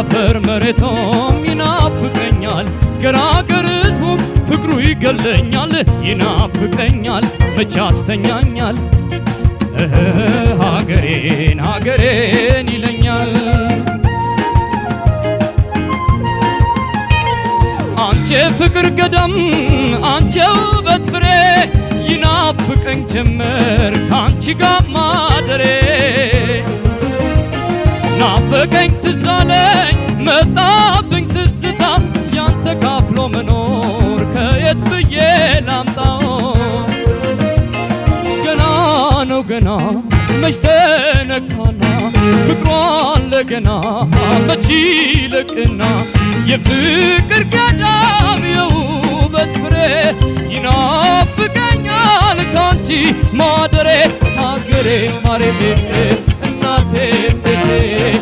አፈር መሬቶም ይናፍቀኛል፣ ገራገር ሕዝቡም ፍቅሩ ይገለኛል። ይናፍቀኛል መቼ አስተኛኛል ሀገሬን ሀገሬን ይለኛል። አንቺ ፍቅር ገዳም አንቺ ውበት ፍሬ ይናፍቀኝ ጀመር ካንቺ ጋር ማደሬ ናፈቀኝ ትዛለኝ መጣብኝ ትዝታ ያንተ ካፍሎ መኖር ከየት ብዬ ላምጣው ገና ነው ገና መች ተነካና ፍቅሯን ለገና መች ይለቅና የፍቅር ገዳም የውበት ፍሬ ይናፍቀኛል ካንቺ ማደሬ ሀገሬ ማሬ ቤቴ እናቴ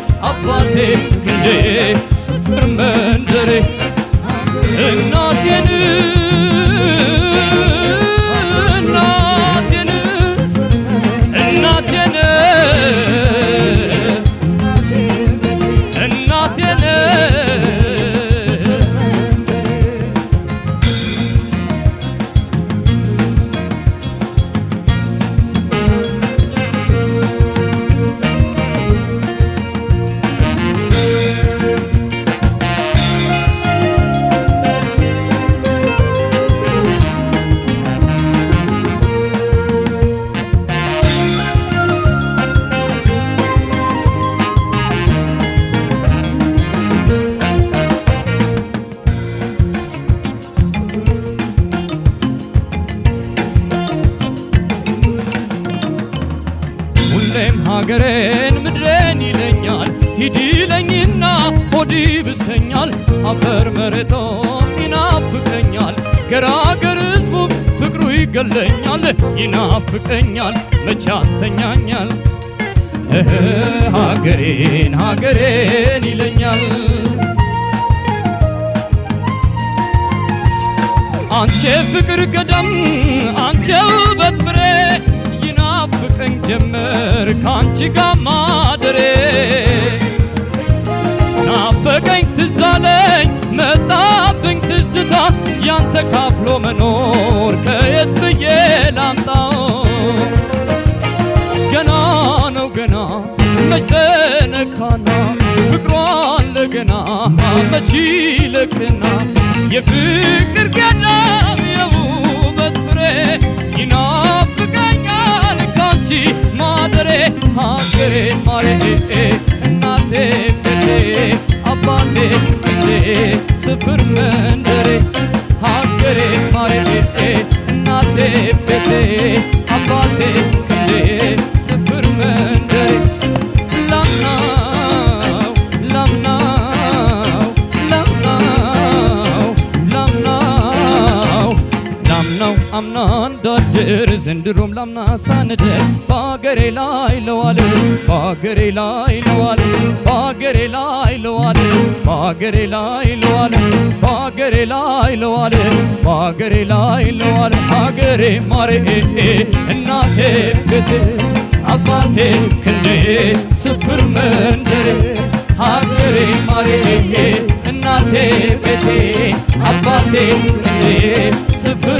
አገሬን ምድሬን ይለኛል ሂድለኝና ሆድ ይብሰኛል አፈር መሬቶም ይናፍቀኛል ገራገር ህዝቡ ፍቅሩ ይገለኛል ይናፍቀኛል መቼ አስተኛኛል ሀገሬን ሀገሬን ይለኛል አንቼ ፍቅር ገዳም አንቺ ውበት ፍሬ ናፍቀኝ ጀመር ካንቺ ጋር ማደሬ ናፈቀኝ ትዛለኝ መጣብኝ ትዝታ ያንተ ካፍሎ መኖር ከየት ብዬ ላምጣው ገና ነው ገና መች ተነካና ፍቅሯን ለገና መች ይለቅና የፍቅር ገና የውበት ፍሬ ይና amici, madre, angere, mare, nate, tete, abate, tete, sıfır mendere, angere, mare, nate, tete, abate, tete, ነው አምና እንዳድር ዘንድሮም ላምና ሳንደር በአገሬ ላይ ለዋል በአገሬ ላይ ለዋል በአገሬ ላይ ለዋል በአገሬ ላይ ለዋል በአገሬ ላይ ለዋል በአገሬ ላይ ለዋል አገሬ ማሬ እናቴ ቤቴ አባቴ ክንዴ ስፍር መንደሬ ሀገሬ ማሬ እናቴ ቤቴ አባቴ ክንዴ ስፍር